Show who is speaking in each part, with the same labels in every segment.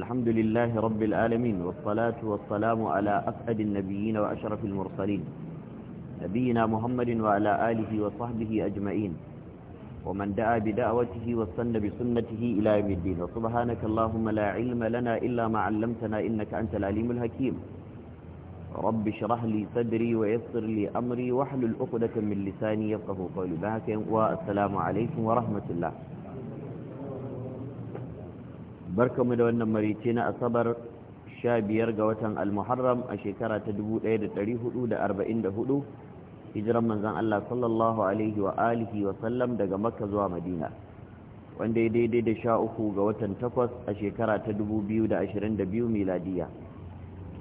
Speaker 1: الحمد لله رب العالمين والصلاة والسلام على أسعد النبيين وأشرف المرسلين نبينا محمد وعلى آله وصحبه أجمعين ومن دعا بدعوته واستن بسنته إلى يوم الدين وسبحانك اللهم لا علم لنا إلا ما علمتنا إنك أنت العليم الحكيم رب اشرح لي صدري ويسر لي أمري واحلل عقدة من لساني يفقه قولي بهك والسلام عليكم ورحمة الله barkamu da wannan marice na asabar 15 ga watan almuharram a shekara ta 1444 hijiran manzan Allah sallallahu alaihi wa alihi wa sallam daga makka zuwa madina wanda ya daidai da sha uku ga watan takwas a shekara ta 2022 miladiya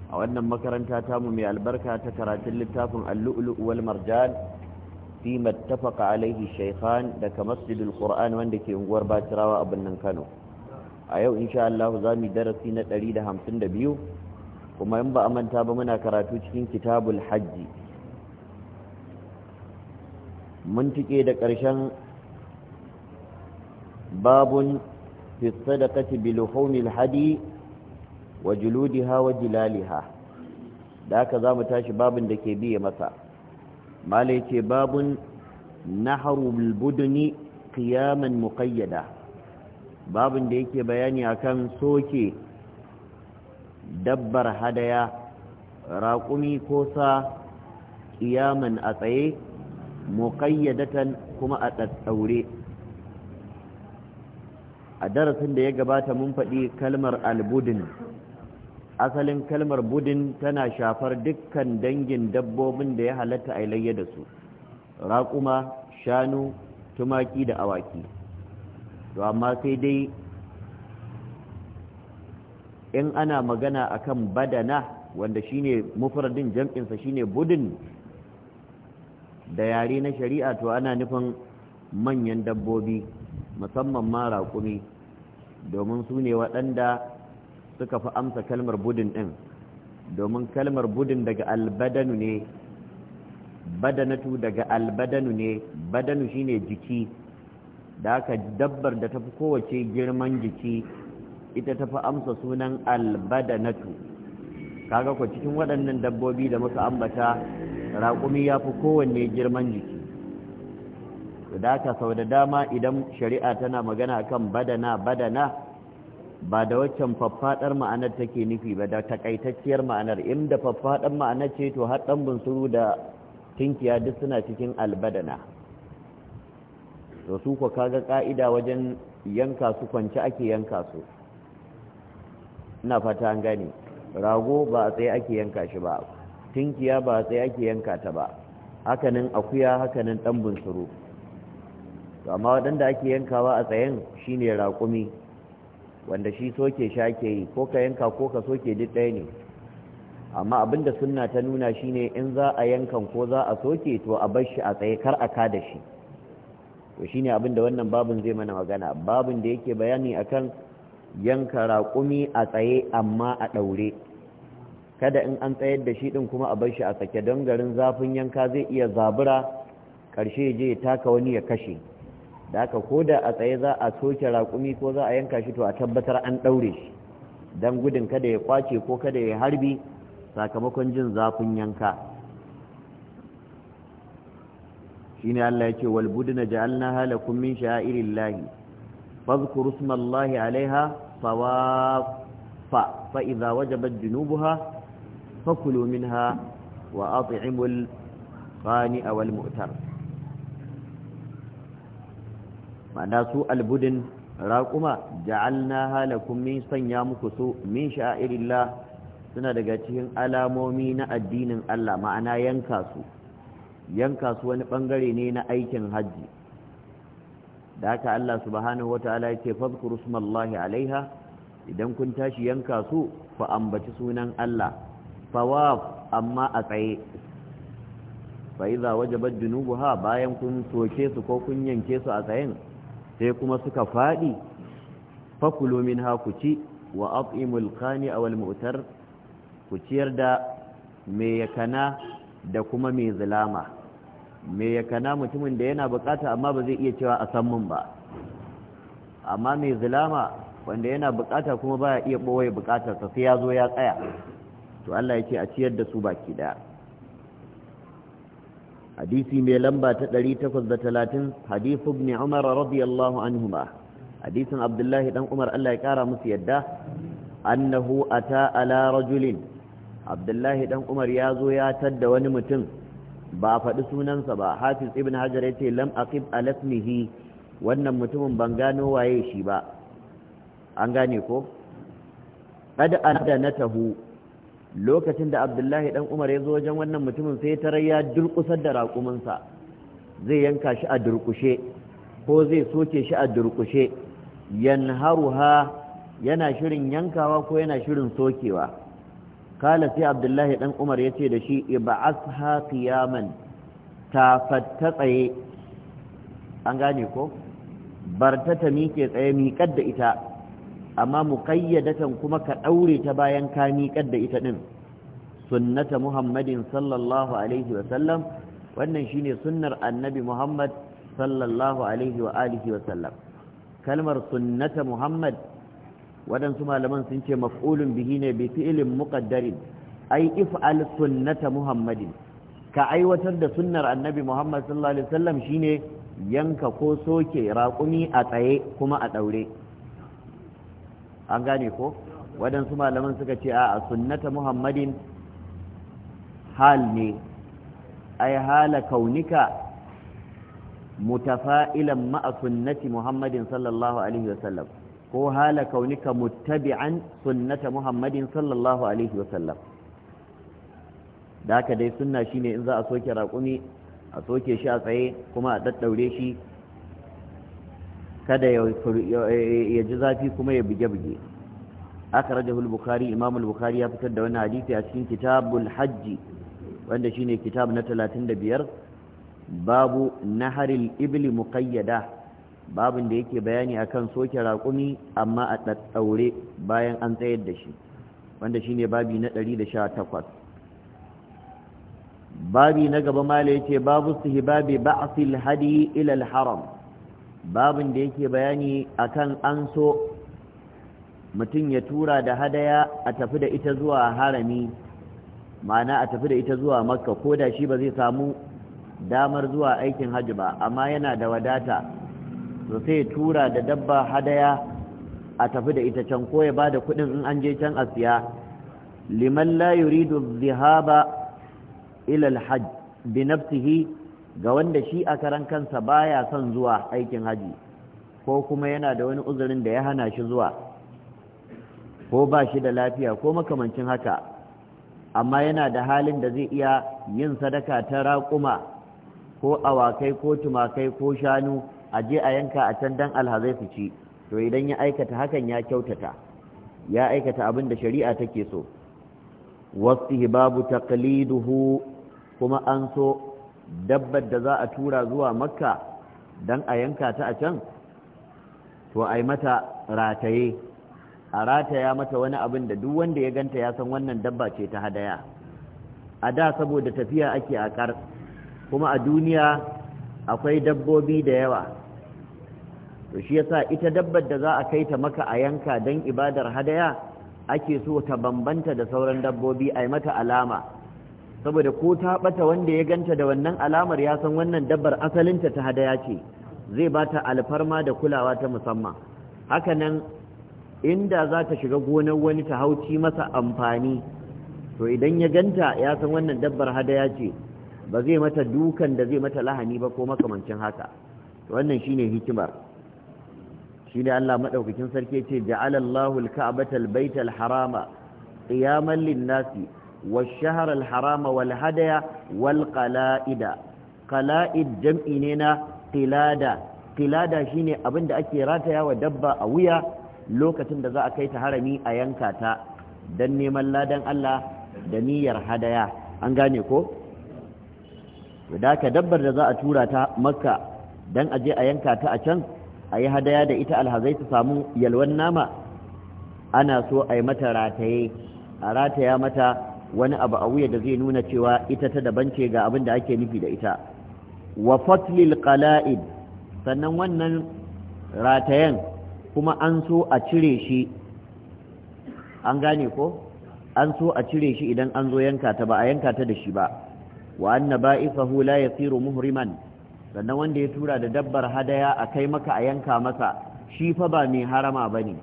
Speaker 1: a wannan makaranta tamu mai albarka ta karatun littafin allu'ulu wal marjan fi mattafaqa alaihi shaykhan daga masjidul qur'an wanda ke unguwar batirawa a birnin kano a yau insha Allah za mu darasi na 152 kuma in ba a manta ba muna karatu cikin kitabul hajji mun tike da ƙarshen babun fi sadaqati bil humil hadi wa juludiha wa jilaliha da haka za mu tashi babin da ke biye masa malai ce babun naharul buduni qiyaman muqayyada babin da yake bayani akan soke dabbar hadaya raƙumi ko sa ƙiyaman a tsaye muƙayyadatan kuma a ɗaɗɗaure a darasin da ya gabata mun faɗi kalmar albudin asalin kalmar budin tana shafar dukkan dangin dabbobin da ya halatta a ilayya da su raƙuma shanu tumaki da awaki to amma sai dai in ana magana akan badana wanda shine mufradin jam'insa shine budin da yare na shari'a to ana nufin manyan dabbobi musamman ma raƙumi domin su ne waɗanda suka fi amsa kalmar budin ɗin domin kalmar budin daga albadanu ne badanatu daga albadanu ne badanu shine jiki da aka dabbar da tafi kowace girman jiki ita tafi amsa sunan albadanatu kaga ku cikin waɗannan dabbobi da muka ambata raƙumi ya fi kowanne girman jiki da aka sau da dama idan shari'a tana magana kan badana badana ba da waccan faffaɗar ma'anar take nufi ba da takaitacciyar ma'anar inda faffaɗar ma'anar ce to har ɗan bunsuru da tinkiya duk suna cikin albadana to su ko kaga ka'ida wajen yanka su kwance ake yanka su ina fata an gane rago ba a tsaye ake yanka shi ba tinkiya ba a tsaye ake yanka ta ba hakanin akuya hakanin dan bunsuru to amma waɗanda ake yankawa a tsayen shine raƙumi wanda shi soke shi ake yi ko ka yanka ko ka soke duk ɗaya ne amma abinda sunna ta nuna shine in za a yankan ko za a soke to a bar shi a tsaye kar a ka da shi to shine abinda wannan babun zai mana magana babun da yake bayani akan yanka raƙumi a tsaye amma a ɗaure kada in an tsayar da shi din kuma a bar shi a sake don garin zafin yanka zai iya zabura ƙarshe je ya taka wani ya kashe da aka ko da a tsaye za a soke raƙumi ko za a yanka shi to a tabbatar an ɗaure shi don gudun kada ya kwace ko kada ya harbi sakamakon jin zafin yanka shine Allah yake wal budna ja'alnaha lakum min sha'airillahi fadhkuru ismallahi 'alayha sawaf fa fa wajabat junubuha fakulu minha wa at'imul qani'a wal mu'tar ma'ana su al budin raquma ja'alnaha lakum min sanya muku su min sha'airillah suna daga cikin alamomi na addinin Allah ma'ana yanka su yanka su wani bangare ne na aikin hajji da aka Allah subhanahu wataala yake fadhkuru smallahi alaiha idan kun tashi yanka su fa ambaci sunan Allah fawaf amma a tsaye fa idza wajabat junubuha bayan kun soke su ko kun yanke su a tsayen sai kuma suka fadi fakulu ha ku ci wa at'imul qani aw al mu'tar ku ciyar da me yakana da kuma mai zulama mai yakana mutumin da yana bukata amma ba zai iya cewa a san mun ba amma mai zulama wanda yana bukata kuma baya iya boye sa sai ya zo ya tsaya to Allah ya ce a ciyar da su baki daya hadisi mai lamba ta 830 hadith ibn Umar radiyallahu anhuma hadisin Abdullahi dan Umar Allah ya kara musu yadda annahu ata ala rajulin abdullahi dan umar ya zo ya tadda wani mutum ba faɗi sunansa ba hafiz ibn hajar ya ce lam aqib alasmihi wannan mutumin ban gano waye shi ba an gane ko qad adanatahu lokacin da abdullahi dan umar ya zo wajen wannan mutumin sai tarar ya durkusar da raƙuminsa zai yanka shi a durkushe ko zai soke shi a durkushe yanharuha yana shirin yankawa ko yana shirin sokewa kala sai abdullahi dan umar ya ce da shi iba'asha qiyaman ta fatta tsaye an gane ko barta ta miƙe tsaye miƙar da ita amma muƙayyadatan kuma ka ɗaure ta bayan ka miƙar da ita ɗin sunnata muhammadin sallallahu alaihi wasallam wannan shine sunnar annabi muhammad sallallahu alaihi wa alihi wasallam kalmar sunnata muhammad waɗansu malaman sun ce maf'ulun bihi ne bi fi'ilin muqaddarin ai if'al sunnata muhammadin ka aiwatar da sunnar annabi muhammad sallallahu alaihi wasallam shine yanka ko soke raƙumi a tsaye kuma a ɗaure an gane ko waɗansu malaman suka ce a sunnata muhammadin hal ne ai hala kaunika mutafa'ilan ma'a sunnati muhammadin sallallahu alaihi wasallam ko hala kaunika muttabi'an sunnata muhammadin sallallahu alaihi wasallam da haka dai sunna shine in za a soke raƙumi a soke shi a tsaye kuma a daddaure shi kada ya ji zafi kuma ya buge-buge akhrajahu al-bukhari imam al-bukhari ya fitar da wani hadisi a cikin kitabul hajji wanda shine kitab na 35 babu naharil ibli muqayyada babin da yake bayani akan soke raƙumi amma a ɗaɗɗaure bayan an tsayar da shi wanda shi ne babi na 118 babi na gaba mala ce, babu sihibabi fil hadi ilal haram babin da yake bayani akan an so mutum ya tura da hadaya a tafi da ita zuwa harami ma'ana a tafi da ita zuwa makka ko da shi ba zai samu damar zuwa aikin hajji ba amma yana da wadata to sai tura da dabba hadaya a tafi da ita can ko ya ba da kuɗin in an je can a siya liman la yuridu dhahaba ila alhajj bi nafsihi ga wanda shi a karan kansa baya son zuwa aikin haji ko kuma yana da wani uzurin da ya hana shi zuwa ko ba shi da lafiya ko makamancin haka amma yana da halin da zai iya yin sadaka ta raƙuma ko awakai ko tumakai ko shanu a je a yanka a can dan alhazai su ci to idan ya aikata hakan ya kyautata ya aikata abin da shari'a take so Wasu wastihbabu taqliduhu kuma an so dabbar da za a tura zuwa makka dan a yanka ta a can to ai mata rataye a rataya mata wani abin da duk wanda ya ganta ya san wannan dabba ce ta hadaya a da saboda tafiya ake a kar kuma a duniya akwai dabbobi da yawa to shi yasa ita dabbar da za a kai ta maka a yanka don ibadar hadaya ake so ta bambanta da sauran dabbobi a mata alama saboda ko ta bata wanda ya ganta da wannan alamar ya san wannan dabbar asalinta ta hadaya ce zai ba ta alfarma da kulawa ta musamman hakanan inda za ta shiga gonar wani ta hauci masa amfani to idan ya ganta ya san wannan dabbar hadaya ce ba zai mata dukan da zai mata lahani ba ko makamancin haka wannan shine hikimar shine Allah madaukakin sarki yace ja'ala Allahu al-ka'bata al-bayta al-harama qiyaman lin-nasi wash-shahra al-harama wal-hadaya wal-qala'ida qala'id jam'i ne na qilada qilada shine abinda ake rataya wa dabba a wuya lokacin da za a kai ta harami a yanka ta dan neman ladan Allah da niyyar hadaya an gane ko da ka dabbar da za a tura ta makka dan aje a yanka ta a can a yi hadaya da ita alhazai su samu yalwan nama ana so a yi mata rataye a rataya mata wani abu a wuya da zai nuna cewa ita ta daban ce ga abin da ake nufi da ita wa fatlil qala'id sannan wannan ratayen kuma an so a cire shi an gane ko an so a cire shi idan an zo yanka ta ba a yanka ta da shi ba wa annaba'ifahu hula la yasiru muhriman sannan wanda ya tura da dabbar hadaya a kai maka a yanka masa shi fa ba mai harama ba ne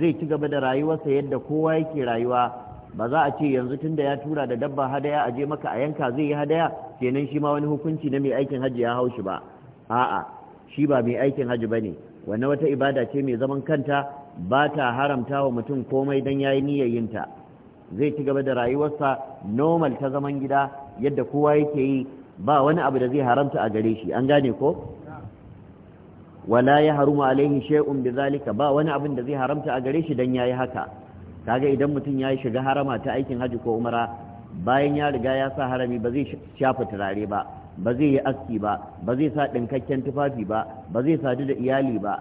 Speaker 1: zai ci gaba da rayuwarsa yadda kowa yake rayuwa ba za a ce yanzu tun da ya tura da dabbar hadaya a je maka a yanka zai yi hadaya kenan shi ma wani hukunci na mai aikin hajji ya hau shi ba a'a shi ba mai aikin hajji ba ne wannan wata ibada ce mai zaman kanta ba ta haramta wa mutum komai don ya yi niyyar yinta zai ci gaba da rayuwarsa normal ta zaman gida yadda kowa yake yi ba wani abu da zai haramta a gare shi an gane ko wala ya harumu alaihi shay'un bizalika ba wani abin da zai haramta a gare shi dan yayi haka kaga idan mutum ya shiga harama ta aikin haji ko umara bayan ya riga ya sa harami ba zai shafa turare ba ba zai yi aski ba ba zai sa dinkakken tufafi ba ba zai sadu da iyali ba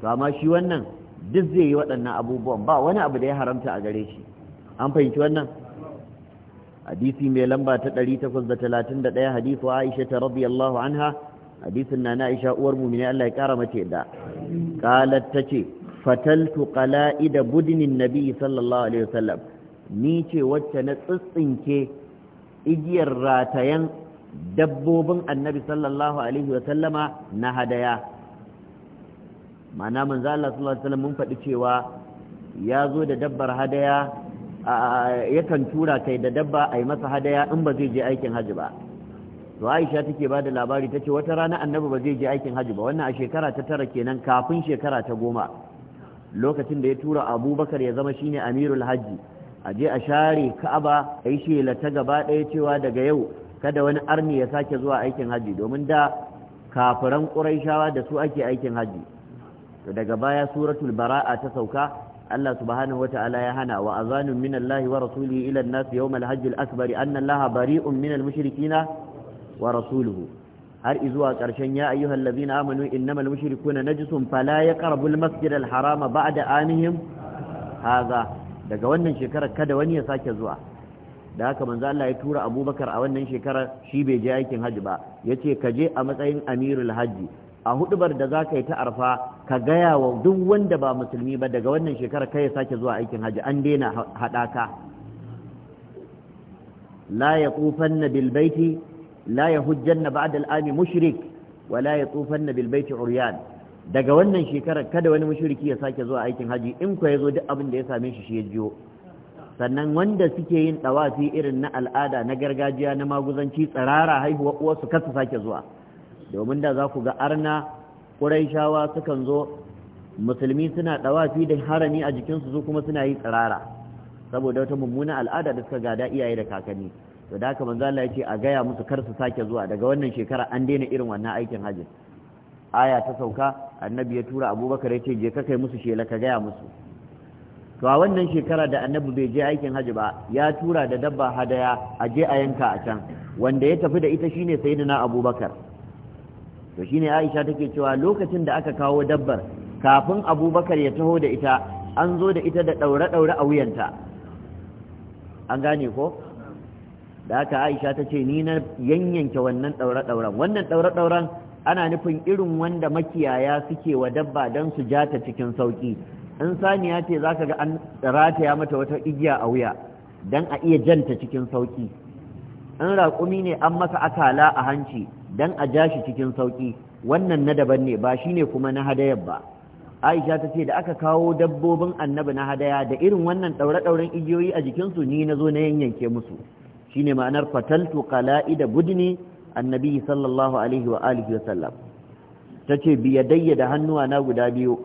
Speaker 1: to amma shi wannan duk zai yi waɗannan abubuwan ba wani abu da ya haramta a gare shi an fahimci wannan hadisi mai lamba ta 831 hadisu Aisha ta radiyallahu anha hadisin na na Aisha uwar mu'mini Allah ya kara mace da qalat tace fataltu qala'ida budinin nabi sallallahu alaihi wasallam ni ce wacce na tsitsinke igiyar ratayen dabbobin annabi sallallahu alaihi wasallama na hadaya ma'ana manzo Allah sallallahu alaihi wasallam mun faɗi cewa ya zo da dabbar hadaya yakan tura kai da dabba a yi masa hadaya in ba zai je aikin hajji ba to aisha take ba da labari ta ce wata rana annabi ba zai je aikin hajji ba wannan a shekara ta tara kenan kafin shekara ta goma lokacin da ya tura abubakar ya zama shine amirul hajji a je a share ka'aba a yi shela ta gaba ɗaya cewa daga yau kada wani arni ya sake zuwa aikin hajji domin da kafiran ƙuraishawa da su ake aikin hajji to daga baya suratul bara'a ta sauka Allah subhanahu wata'ala ya hana wa azanun min Allah wa rasulihi ila an-nas yawm al-hajj al-akbar anna Allah bari'un min al-mushrikina wa rasuluhu har izuwa karshen ya ayyuhal ladina amanu innamal mushrikuna najsun fala yaqrabu al-masjid al-haram ba'da anihim hadha daga wannan shekarar kada wani ya sake zuwa da haka manzo Allah ya tura Abubakar a wannan shekarar shi bai je aikin hajji ba yace ka je a matsayin amirul hajji a hudubar da za ka yi ta arfa ka gaya wa duk wanda ba musulmi ba daga wannan shekarar kai ya sake zuwa aikin hajji an daina haɗaka la ya tsufan na bilbaiti la ya hujjan na ba'ad al'ami mushrik wa la ya tsufan na bilbaiti uryan daga wannan shekarar kada wani mushriki ya sake zuwa aikin hajji in ko ya zo duk abin da ya same shi shi ya jiyo sannan wanda suke yin ɗawafi irin na al'ada na gargajiya na maguzanci tsirara haihuwa uwarsu kar su sake zuwa domin da za ku ga arna ƙuraishawa sukan zo musulmi suna ɗawafi da harami a jikinsu su kuma suna yi tsirara saboda wata mummuna al'ada da suka gada iyaye da kakanni to da haka manzo Allah ya ce a gaya musu kar su sake zuwa daga wannan shekara an daina irin wannan aikin hajji aya ta sauka annabi ya tura abubakar ya ce je ka kai musu shela ka gaya musu to a wannan shekara da annabi bai je aikin hajji ba ya tura da dabba hadaya a je a yanka a can wanda ya tafi da ita shine sayyidina abubakar to shine Aisha take cewa lokacin da aka kawo dabbar kafin Abubakar ya taho da ita an zo da ita da ɗaure-ɗaure a wuyanta an gane ko da haka Aisha ta ce ni na yanyanke wannan ɗaure-ɗauren. wannan ɗaure-ɗauren ana nufin irin wanda makiyaya suke wa dabba don su ja ta cikin sauƙi. in saniya ce zaka ga an rataya mata wata igiya a wuya don a iya janta cikin sauƙi. in raƙumi ne an masa akala a hanci dan a ja shi cikin sauki wannan na daban ne ba shi ne kuma na hadayar ba Aisha ta ce da aka kawo dabbobin annabi na hadaya da irin wannan ɗaure-ɗauren igiyoyi a jikinsu ni na zo na yanyanke musu shine ma'anar fataltu qala'ida budni annabi sallallahu alaihi wa alihi wa sallam tace bi yadayya da hannuwa na guda biyu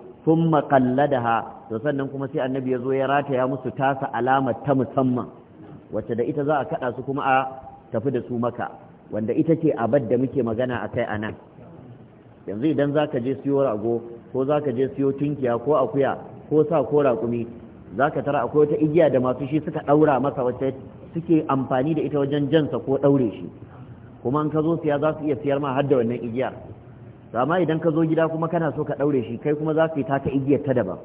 Speaker 1: da ha to sannan kuma sai annabi yazo ya rata ya musu tasa alamar ta musamman wacce da ita za a kada su kuma a tafi da su maka wanda ita ce abad da muke magana a kai a nan yanzu idan za ka je siyo rago ko za ka je siyo tunkiya ko akuya ko sa ko raƙumi za ka tara akwai wata igiya da masu shi suka ɗaura masa wacce suke amfani da ita wajen jansa ko ɗaure shi kuma in ka zo siya za su iya siyar ma har da wannan igiyar amma idan ka zo gida kuma kana so ka ɗaure shi kai kuma za ka yi taka igiyar ta daban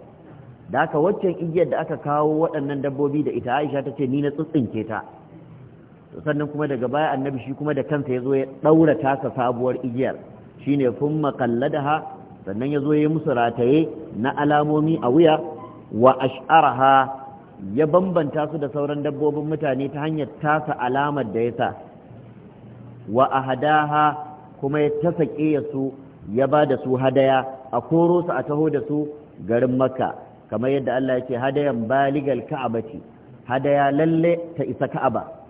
Speaker 1: da haka waccan igiyar da aka kawo waɗannan dabbobi da ita aisha ta ce ni na tsintsinke ta sannan kuma daga baya annabi shi kuma da kansa ya zo ya ɗaura tasa sabuwar igiyar shi ne shine da ha sannan ya zo ya yi musu rataye na alamomi a wuya wa ha ya bambanta su da sauran dabbobin mutane ta hanyar tasa alamar da ya sa wa kuma ya tasa su ya ba da su hadaya a koro su a taho da su garin makka kamar yadda Allah ya ce hadayan baligal ka'aba ce hadaya lalle ta isa ka'aba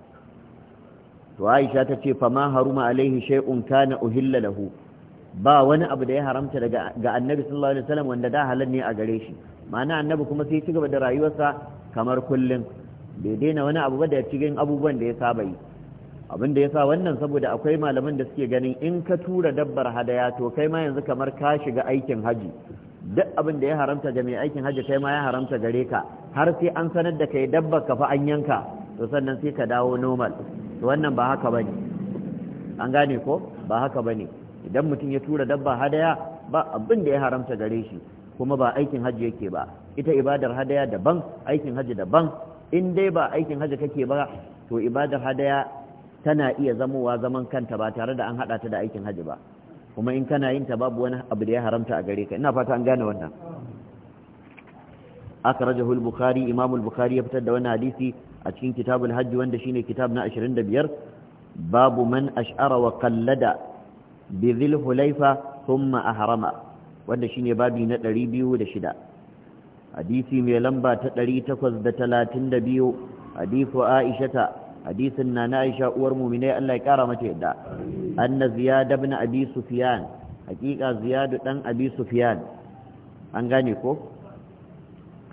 Speaker 1: to aisha ta ce fama haruma alaihi shay'un kana uhilla lahu ba wani abu da ya haramta daga ga annabi sallallahu alaihi wasallam wanda da halal ne a gare shi ma'ana annabi kuma sai ya ci gaba da rayuwarsa kamar kullum bai daina wani abu ba da cikin abubuwan da ya saba yi abin da ya sa wannan saboda akwai malaman da suke ganin in ka tura dabbar hadaya to kai ma yanzu kamar ka shiga aikin haji duk abin da ya haramta ga mai aikin haji kai ma ya haramta gare ka har sai an sanar da kai dabbar ka fa an yanka to sannan sai ka dawo normal to wannan ba haka bane an gane ko ba haka bane idan mutum ya tura dabba hadaya ba abin da ya haramta gare shi kuma ba aikin hajji yake ba ita ibadar hadaya daban aikin hajji daban in dai ba aikin hajji kake ba to ibadar hadaya tana iya zamowa zaman kanta ba tare da an hada ta da aikin hajji ba kuma in kana yin ta babu wani abu da ya haramta a gare ka ina fata an gane wannan akhrajahu al-bukhari imam al-bukhari ya fitar da wannan hadisi a cikin kitabul hajji wanda shine kitab na 25 babu man ash'ara wa qallada bi dhil hulaifa thumma ahrama wanda shine babi na 206 hadisi mai lamba ta 832 Hadisu aishata hadisin na na aisha uwar mu'minai Allah ya kara mata yadda anna ziyad ibn abi sufyan hakika ziyad dan abi sufyan an gane ko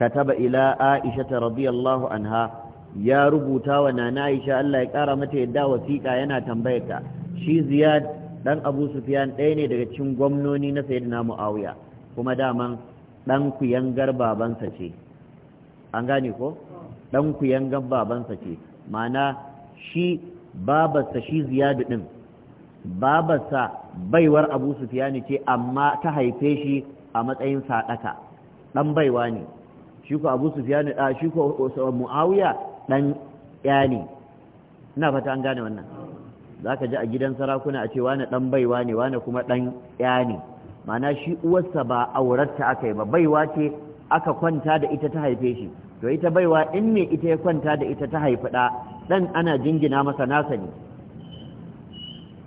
Speaker 1: kataba ila aisha radiyallahu anha ya rubuta wa nana Aisha Allah ya kara mata yadda wasiƙa yana tambayar ta shi Ziyad dan Abu Sufyan ɗaya ne daga cikin gwamnoni na Sayyidina Muawiya kuma daman dan kuyangar babansa ce an gane ko dan kuyangar babansa ce ma'ana shi babarsa shi Ziyad din babarsa baiwar Abu Sufyan ce amma ta haife shi a matsayin sadaka dan baiwa ne shi ko Abu Sufyan da shi ko Muawiya ɗan ne ina fata an gane wannan za ka ji a gidan sarakuna a ce wane ɗan baiwa ne wane kuma ɗan ne mana shi uwarsa ba auratta aka yi ba baiwa ce aka kwanta da ita ta haife shi to ita baiwa in me ita ya kwanta da ita ta haifi ɗa ɗan ana jingina masa nasa ne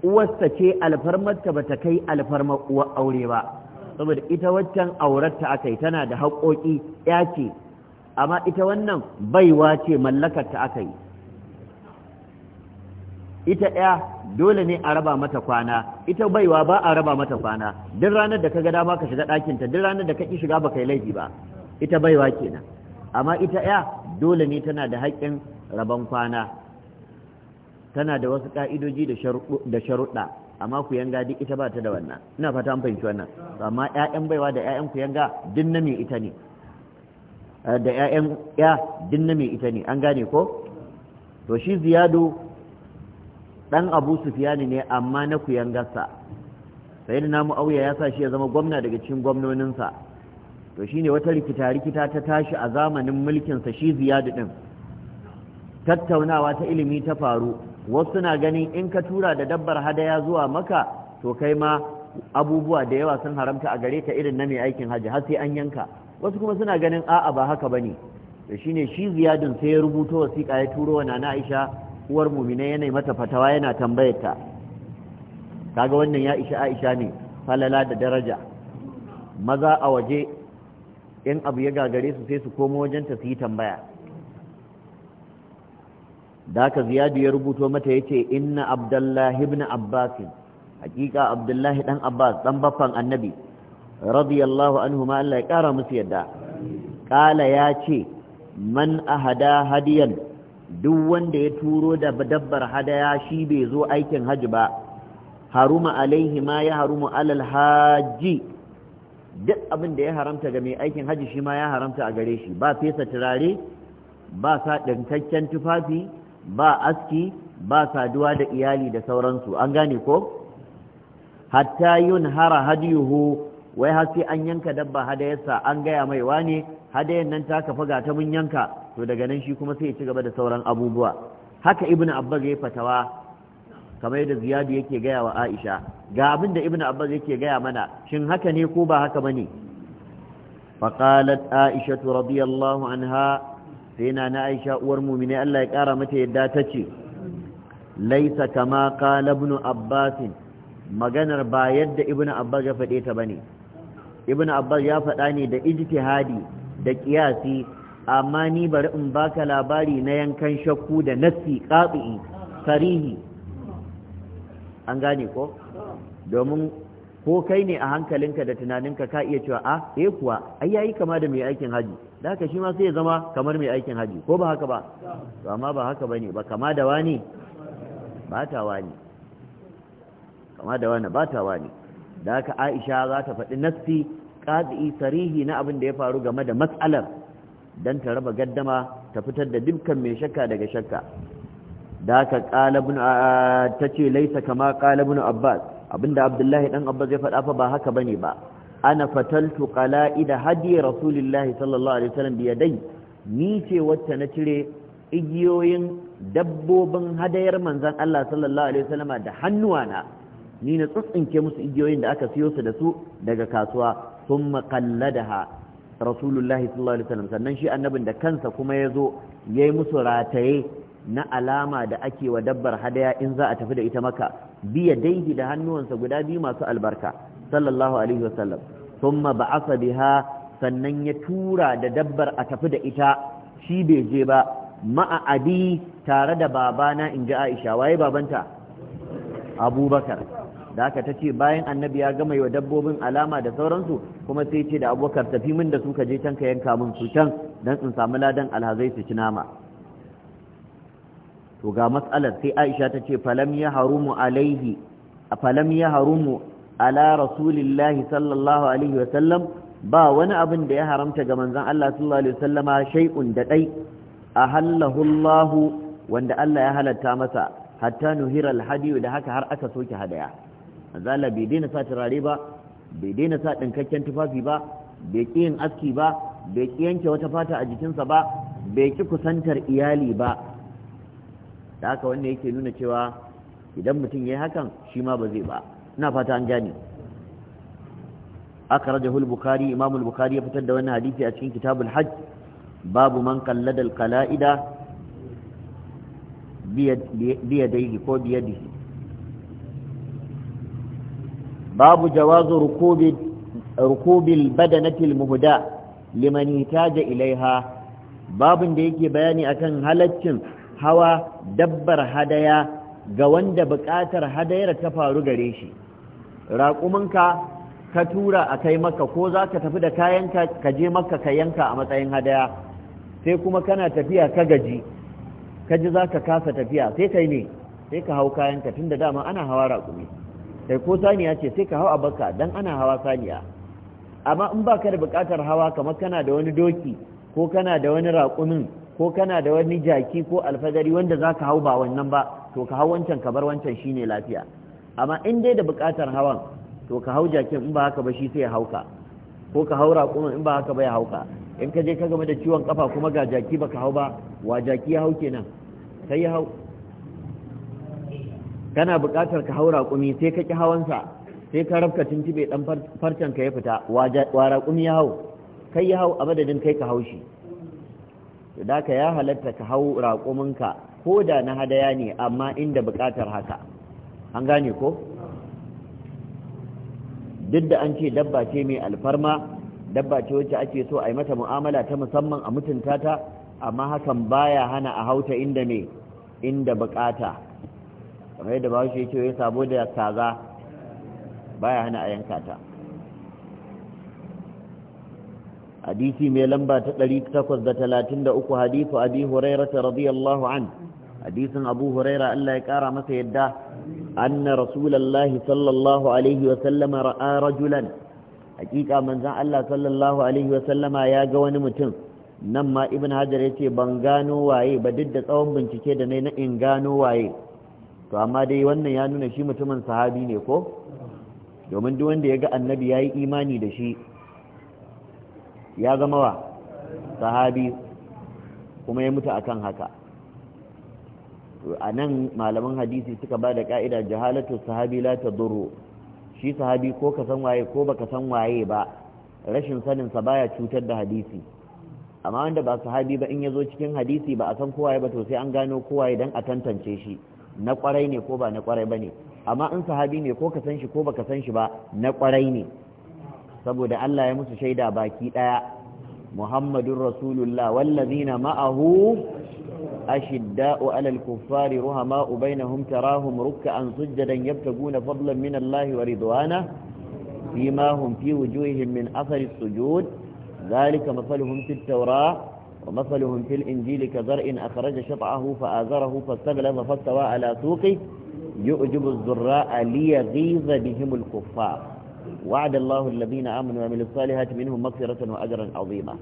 Speaker 1: uwarsa ce alfarmarta ba ta kai alfarmar uwar aure ba saboda ita waccan auratta aka yi tana da haƙoƙi ya ce amma ita wannan baiwa ce mallakar ta aka yi ita ɗaya dole ne a raba mata kwana ita baiwa ba a raba mata kwana duk ranar da ka ga dama ka shiga ɗakinta duk ranar da ka ƙi shiga ba kai laifi ba ita baiwa kenan amma ita ɗaya dole ne tana da haƙƙin rabon kwana tana da wasu ƙa'idoji da sharuɗa amma ku yanga duk ita ba ta da wannan ina fata an fahimci wannan amma ƴaƴan baiwa da ƴaƴan ku yanga duk na me ita ne da ‘ya'yan ya dinna mai ita ne an gane ko to shi ziyadu ɗan abu sufiyani ne amma na gasa sai da namu auya ya sa shi ya zama gwamna daga cikin gwamnoninsa to shi ne wata rikita-rikita ta tashi a zamanin mulkinsa shi ziyadu ɗin tattaunawa ta ilimi ta faru wasu na ganin in ka tura da dabbar hadaya zuwa maka to kai ma abubuwa da yawa sun haramta a gare ka irin na mai aikin hajji har sai an yanka wasu kuma suna ganin a'a ba haka bane to shine shi ziyadin sai ya rubuto wasiƙa ya turo wa nana Aisha uwar mu'mina yana mata fatawa yana tambayar ta kaga wannan ya isha Aisha ne falala da daraja maza a waje in abu ya gagare su sai su komo wajenta su yi tambaya daka ziyadu ya rubuto mata yace, inna abdullahi ibn abbas hakika abdullahi dan abbas dan baffan annabi radiyallahu anhu ma Allah ya kara musu yadda Ƙala ya ce man ahada hadiyan duk wanda ya turo da dabbar hadaya shi bai zo aikin haji ba haruma alaihi ma ya harumu alal haji duk abin da ya haramta ga mai aikin haji shi ma ya haramta a gare shi ba fesa turare ba sa ɗinkakken tufafi ba aski ba saduwa da iyali da sauransu an gane ko hatta yun hara hadiyuhu wai har sai an yanka dabba hadayarsa an gaya mai wane hadayar nan ta kafa ga ta mun yanka to daga nan shi kuma sai ya ci gaba da sauran abubuwa haka ibnu abbas ya fatawa kamar yadda ziyadu yake gaya wa aisha ga abin da ibnu abbas yake gaya mana shin haka ne ko ba haka bane faqalat aisha radiyallahu anha sai na na aisha uwar mu'mini Allah ya kara mata yadda ta ce laisa kama qala ibnu abbas maganar ba yadda ibnu abbas ya fade ta bane ibn abbas ya faɗa ne da ijtihadi da kiyasi amma ni bari in baka labari na yankan shakku da nassi qabi'i sarihi an gane ko domin ko kai ne a hankalinka da tunaninka ka iya cewa ah eh kuwa ai yayi kama da mai aikin haji da haka shi ma sai ya zama kamar mai aikin haji ko ba haka ba to amma ba haka bane ba kama da wani ba ta wani kama da wani ba ta wani da haka aisha za ta faɗi nassi ƙadi sarihi na abin da ya faru game da matsalar don ta raba gaddama ta fitar da dukkan mai shakka daga shakka da haka ƙalabin ta ce laisa kama ƙalabin abbas abinda abdullahi ɗan abbas ya faɗa fa ba haka ba ne ba ana fataltu qala'ida hadi rasulillahi sallallahu alaihi wasallam biya dai ni ce wacce na cire igiyoyin dabbobin hadayar manzon Allah sallallahu alaihi wasallama da hannuwana ni na tsintsinke musu igiyoyin da aka siyo su da su daga kasuwa sun makalladaha rasulullahi sallallahu alaihi wasallam sannan shi annabin da kansa kuma ya zo ya yi musu rataye na alama da ake wa dabbar hadaya in za a tafi da ita maka biya daidai da hannuwansa guda biyu masu albarka sallallahu alaihi wasallam thumma ba'asa biha sannan ya tura da dabbar a tafi da ita shi bai je ba ma'a abi tare da babana in ji Aisha waye babanta Abubakar da haka ta ce bayan annabi ya gama wa dabbobin alama da sauransu kuma sai ce da abokar tafi min da su ka je can ka yanka min su can don in samu ladan alhazai su ci nama to ga matsalar sai aisha ta ce falam ya harumu alaihi falam ya harumu ala rasulillahi sallallahu alaihi wa sallam ba wani abin da ya haramta ga manzon Allah sallallahu alaihi wa sallama shay'un da dai ahallahu Allah wanda Allah ya halatta masa hatta nuhira alhadi da haka har aka soke hadaya manzo bai daina sa turare ba bai daina sa ɗinkakken tufafi ba bai ki yin aski ba bai ki yanke wata fata a jikinsa ba bai ki kusantar iyali ba da haka wanda yake nuna cewa idan mutum ya yi hakan shi ma ba zai ba ina fata an gane aka raja bukhari imamul bukhari ya fitar da wani hadisi a cikin kitabul hajj babu man qallada al-qala'ida biyadaihi ko biyadihi babu jawazu rukubi na badanatil muhda liman ihtaja ilaiha babun da yake bayani akan halaccin hawa dabbar hadaya ga wanda buƙatar hadayar ta faru gare shi raƙuminka ka tura a kai maka ko za ka tafi da kayanka ka je maka ka yanka a matsayin hadaya sai kuma kana tafiya ka gaji ka ji za ka kasa tafiya sai kai ne sai ka hau kayanka tunda dama ana hawa raƙumi sai ko saniya ce sai ka hau a baka dan ana hawa saniya amma in baka da bukatar hawa kamar kana da wani doki ko kana da wani raƙumin ko kana da wani jaki ko alfadari wanda za ka hau ba wannan ba to ka hau wancan ka bar wancan shine lafiya amma in dai da bukatar hawan to ka hau jakin in ba haka ba shi sai ya hauka ko ka hau raƙumin in ba haka ba ya hauka in ka je ka game da ciwon kafa kuma ga jaki baka hau ba wa jaki ya hau kenan sai ya hau kana buƙatar ka haura kumi sai ka ki hawansa sai ka rabka tuntube dan farcen ka ya fita wa raƙumi ya hau kai ya hau a madadin kai ka haushi to da ka ya halatta ka hau ka ko da na hadaya ne amma inda buƙatar haka an gane ko duk da an ce dabba ce mai alfarma dabba ce wacce ake so a yi mata mu'amala ta musamman a mutunta ta amma hakan baya hana a hauta inda ne inda buƙata. kamar yadda bahaushe ya ce ya sabo da kaza baya hana a yanka ta hadisi mai lamba ta 833 hadisu abi ta radiyallahu an hadisin abu hurairah Allah ya kara masa yadda anna rasulallahi sallallahu alaihi wa sallama ra'a rajulan hakika manzan Allah sallallahu alaihi wa sallama ya ga wani mutum nan ma ibn hajar ce ban gano waye ba duk da tsawon bincike da nayi na in gano waye to amma dai wannan ya nuna shi mutumin sahabi ne ko domin duk wanda ya ga annabi ya yi imani da shi ya zama wa sahabi kuma ya mutu akan haka a nan malaman hadisi suka ba da ka'ida jahalatu sahabi la ta shi sahabi ko ka san waye ko baka san waye ba rashin saninsa baya cutar da hadisi amma wanda ba sahabi ba in ya zo cikin hadisi ba a san kowaye ba to sai an gano kowaye don a tantance shi na kwarai ne ko ba na kwarai ba ne amma in sahabi ne ko ka san shi ko baka san shi ba na kwarai ne saboda Allah ya musu shaida baki daya Muhammadun Rasulullah wallazina ma'ahu ashidda'u 'alal kuffari ruhama'u bainahum tarahum ruk'an sujjadan yabtaguna fadlan min Allah wa ridwana bima hum fi wujuhihim min athari sujud ذلك مثلهم في التوراة ومثلهم في الإنجيل كزرع أخرج شطعه فآزره فاستغلظ فاستوى على سوقه يؤجب الزراء ليغيظ بهم الكفار وعد الله الذين آمنوا وعملوا الصالحات منهم مغفرة وأجرا عظيما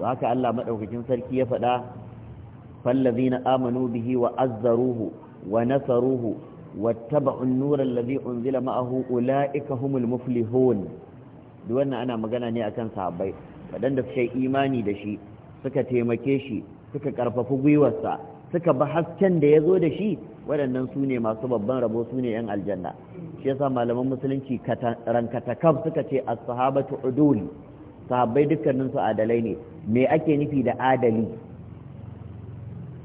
Speaker 1: وهكا في مدعوكين سلكي فلا فالذين آمنوا به وازروه ونصروه واتبعوا النور الذي أنزل معه أولئك هم المفلحون دون أنا مغنى أني أكن صحابي waɗanda suka yi imani da shi suka taimake shi suka ƙarfafi gwiwarsa suka bi hasken da ya zo da shi waɗannan su ne masu babban rabo su ne 'yan aljanna shi yasa malaman musulunci rankatakaf suka ce a sahabatu udul sahabbai dukkanin su adalai ne me ake nufi da adali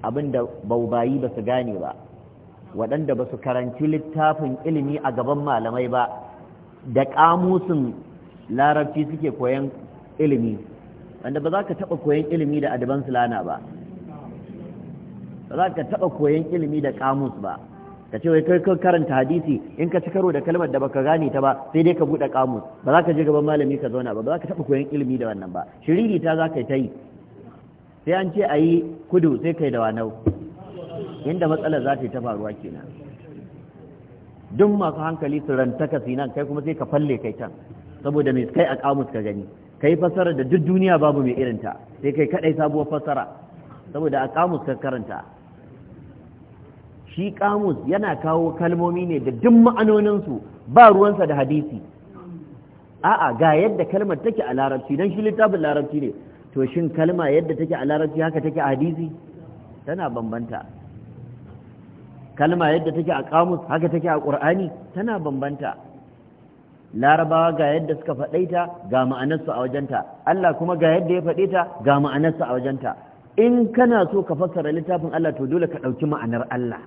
Speaker 1: abinda baubayi ba su gane ba waɗanda ba su karanci littafin ilimi a gaban malamai ba da ƙamusin larabci suke koyan ilimi wanda ba za ka taɓa koyon ilimi da adaban sulana ba ba za ka taɓa koyon ilimi da kamus ba ka ce wai kai karanta hadisi in ka ci karo da kalmar da baka gane ta ba sai dai ka buɗe kamus ba za ka je gaban malami ka zauna ba ba za ka taɓa koyon ilimi da wannan ba shiriri ta za ka yi ta yi sai an ce a yi kudu sai kai da wanau inda matsalar za ta yi ta faruwa kenan duk masu hankali su rantaka sinan kai kuma sai ka falle kai can saboda mai kai a kamus ka gani kai fasara da duk duniya babu mai irinta sai kai kadai sabuwar fasara saboda a kamus ka karanta shi kamus yana kawo kalmomi ne da duk ma'anoninsu ba ruwansa da hadisi a'a ga yadda kalmar take a larabci don shi littafin larabci ne to shin kalma yadda take a larabci haka take a hadisi tana bambanta kalma yadda take a kamus haka take a ƙur'ani tana bambanta larabawa ga yadda suka faɗaita ga ma'anarsu a wajenta Allah kuma ga yadda ya faɗaita ta ga ma'anarsu a wajenta in kana so ka fassara littafin Allah to dole ka ɗauki ma'anar Allah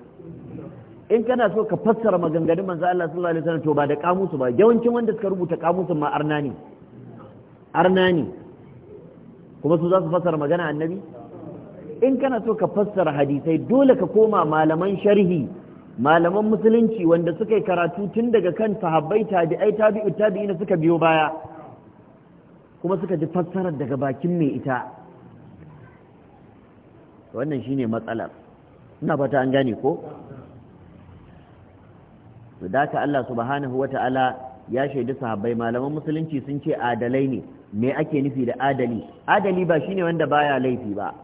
Speaker 1: in kana so ka fassara maganganun manzo Allah sallallahu alaihi wasallam to ba da kamusu ba yawancin wanda suka rubuta kamusun ma arna ne arna ne kuma su za su fassara magana annabi in kana so ka fassara hadisai dole ka koma malaman sharhi malaman musulunci wanda suka yi karatu tun daga kan sahabbai tabi'ai tabi'u na suka biyo baya kuma suka ji fassarar daga bakin mai ita wannan shine matsalar ina fata an gane ko sadaka Allah subhanahu wata'ala ya shaidi sahabbai malaman musulunci sun ce adalai ne me ake nufi da adali adali ba shine wanda baya laifi ba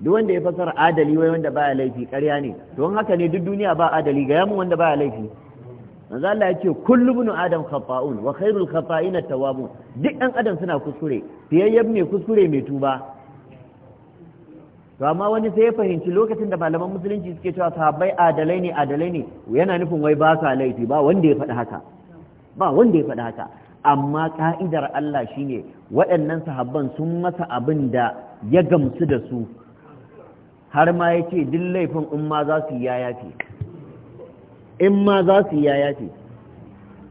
Speaker 1: duk wanda ya fasara adali wai wanda baya laifi ƙarya ne don haka ne duk duniya ba adali ga yamu wanda baya laifi manzo Allah ya ce kullu ibn adam khata'un wa khairul khata'ina tawwabun duk ɗan adam suna kuskure fiyayyen ne kuskure mai tuba to amma wani sai ya fahimci lokacin da malaman musulunci suke cewa sahabbai adalai ne adalai ne yana nufin wai ba sa laifi ba wanda ya faɗi haka ba wanda ya faɗi haka amma ka'idar Allah shine waɗannan sahabban sun masa abin da ya gamsu da su har ma ya ce duk laifin in ma za su yi yaya ce in ma za su yaya ce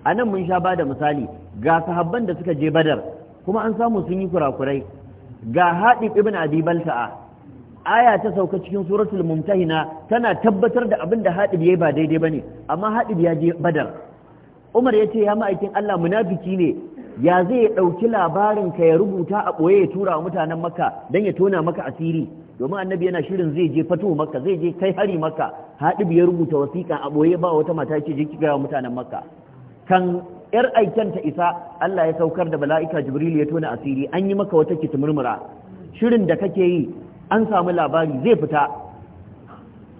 Speaker 1: a nan mun sha ba da misali ga sahabban da suka je badar kuma an samu sun yi kurakurai ga haɗi ibn abi balta'a aya ta sauka cikin suratul mumtahina tana tabbatar da abin da ya yayi ba daidai bane amma haɗi ya je badar umar ya ce ya ma'aikin allah munafiki ne ya zai ɗauki labarin ka ya rubuta a ɓoye ya tura wa mutanen maka don ya tona maka asiri domin annabi yana shirin zai je fato makka zai je kai hari makka haɗib ya rubuta wasiƙa a ɓoye ba wata mata ce je ki gaya mutanen makka kan yar aiken ta isa Allah ya saukar da bala'ika jibril ya tona asiri an yi maka wata kitimurmura shirin da kake yi an samu labari zai fita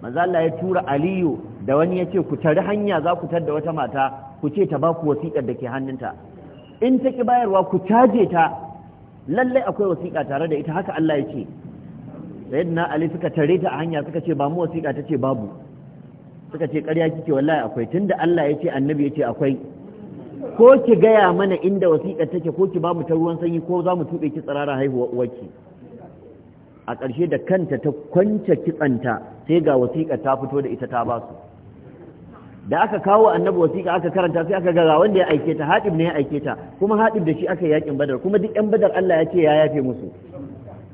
Speaker 1: manzo Allah ya tura aliyu da wani ya ce ku tari hanya za ku da wata mata ku ce ta baku ku wasiƙar da ke hannunta in ta ki bayarwa ku caje ta lallai akwai wasiƙa tare da ita haka Allah ya ce sayyidina ali suka tare ta a hanya suka ce ba mu wasiƙa ta ce babu suka ce ƙarya kike wallahi akwai tunda Allah ya ce annabi ya ce akwai ko ki gaya mana inda wasiƙa take ko ki ba ta ruwan sanyi ko za mu tuɓe ki tsirara haihuwar uwarki a ƙarshe da kanta ta kwance kitsanta sai ga wasiƙa ta fito da ita ta ba su da aka kawo annabi wasiƙa aka karanta sai aka ga wanda ya aike ta hadib ne ya aike ta kuma hadib da shi aka yi yakin badar kuma duk yan badar Allah ya ce ya yafe musu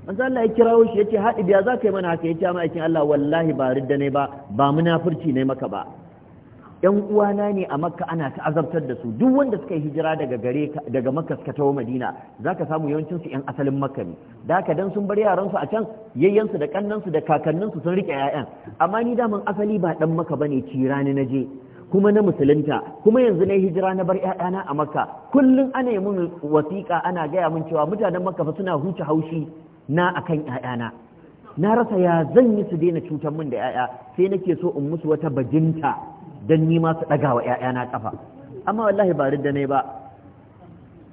Speaker 1: manzo Allah ya kirawo shi yace haɗi biya za yi mana haka yace amma aikin Allah wallahi ba ridda ne ba ba munafurci ne maka ba ƴan uwana ne a makka ana ta azabtar da su duk wanda suka yi hijira daga gare daga makka suka tawo madina zaka samu yawancin su ƴan asalin makka ne da haka dan sun bar yaran su a can yayyansu da kannan su da kakannin su sun rike ƴaƴan amma ni da mun asali ba dan makka bane na naje kuma na musulunta kuma yanzu na hijira na bar ƴaƴana a makka kullun ana yi mun wasiƙa ana gaya mun cewa mutanen makka fa suna huce haushi na akan ‘ya'yana na rasa ya zan yi su daina cutar min da ‘ya'ya sai nake so in musu wata bajinta don nima su ɗaga wa ‘ya'yana ƙafa amma wallahi ba da ne ba